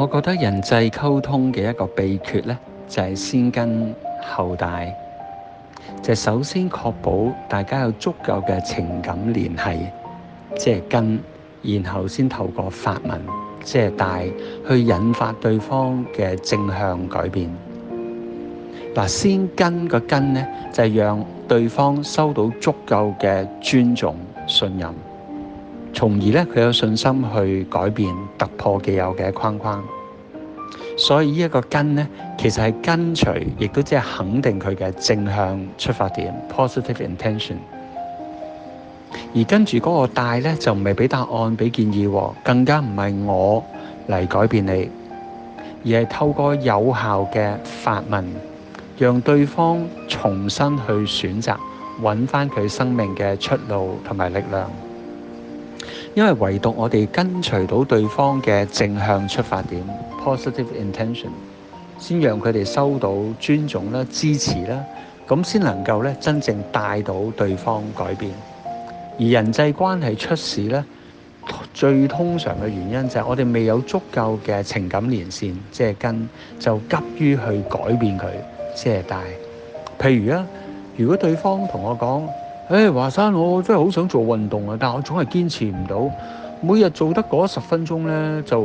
我覺得人際溝通嘅一個秘訣呢，就係先跟後帶，就首先確保大家有足夠嘅情感聯繫，即係跟，然後先透過發問，即係帶去引發對方嘅正向改變。嗱，先跟個跟呢，就係讓對方收到足夠嘅尊重、信任。從而咧，佢有信心去改變、突破既有嘅框框。所以呢一個跟咧，其實係跟隨，亦都即係肯定佢嘅正向出發點 （positive intention）。而跟住嗰個帶咧，就唔係俾答案、俾建議，更加唔係我嚟改變你，而係透過有效嘅發問，讓對方重新去選擇，揾返佢生命嘅出路同埋力量。因為唯獨我哋跟隨到對方嘅正向出發點 （positive intention），先讓佢哋收到尊重啦、支持啦，咁先能夠咧真正帶到對方改變。而人際關係出事咧，最通常嘅原因就係我哋未有足夠嘅情感連線，即係跟，就急於去改變佢，即係帶。譬如啊，如果對方同我講，誒、哎、華山，我真係好想做運動啊，但係我總係堅持唔到，每日做得嗰十分鐘呢，就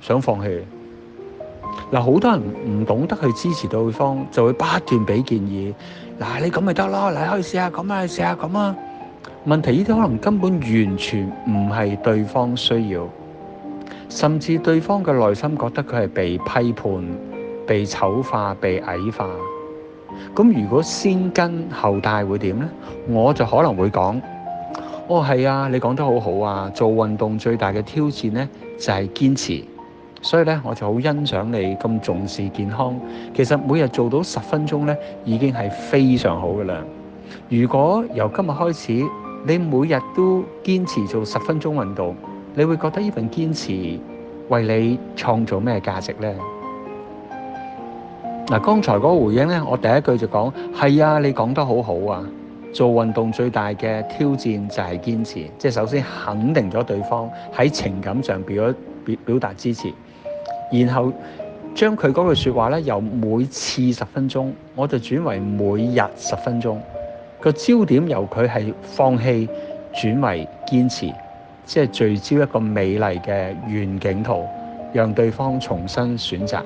想放棄。嗱，好多人唔懂得去支持對方，就會不斷俾建議。嗱，你咁咪得咯，你可以試下咁啊，試下咁啊。問題呢啲可能根本完全唔係對方需要，甚至對方嘅內心覺得佢係被批判、被醜化、被矮化。咁如果先跟後帶會點呢？我就可能會講，哦係啊，你講得好好啊！做運動最大嘅挑戰呢，就係堅持，所以咧我就好欣賞你咁重視健康。其實每日做到十分鐘呢，已經係非常好嘅啦。如果由今日開始，你每日都堅持做十分鐘運動，你會覺得呢份堅持為你創造咩價值呢？嗱，剛才嗰個回應咧，我第一句就講，係啊，你講得好好啊！做運動最大嘅挑戰就係堅持，即係首先肯定咗對方喺情感上表表表達支持，然後將佢嗰句說話咧，由每次十分鐘我就轉為每日十分鐘，個焦點由佢係放棄轉為堅持，即係聚焦一個美麗嘅願景圖，讓對方重新選擇。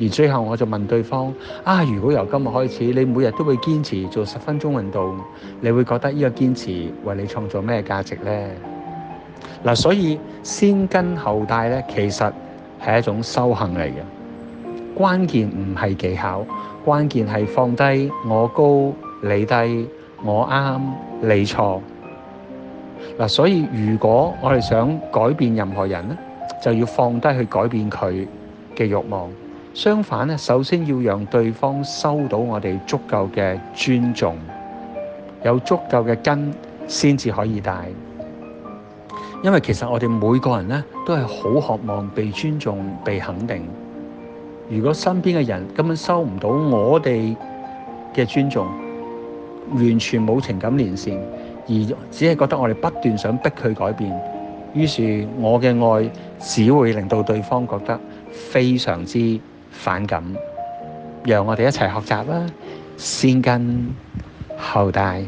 而最後我就問對方：啊，如果由今日開始，你每日都會堅持做十分鐘運動，你會覺得呢個堅持為你創造咩價值呢？啊，嗱，所以先跟後帶咧，其實係一種修行嚟嘅。關鍵唔係技巧，關鍵係放低我高你低，我啱你錯嗱，啊。所以，如果我哋想改變任何人咧，就要放低去改變佢嘅慾望。相反咧，首先要讓對方收到我哋足夠嘅尊重，有足夠嘅根，先至可以帶。因為其實我哋每個人咧都係好渴望被尊重、被肯定。如果身邊嘅人根本收唔到我哋嘅尊重，完全冇情感連線，而只係覺得我哋不斷想逼佢改變，於是我嘅愛只會令到對方覺得非常之～反感，讓我哋一齊學習啦，先跟後帶。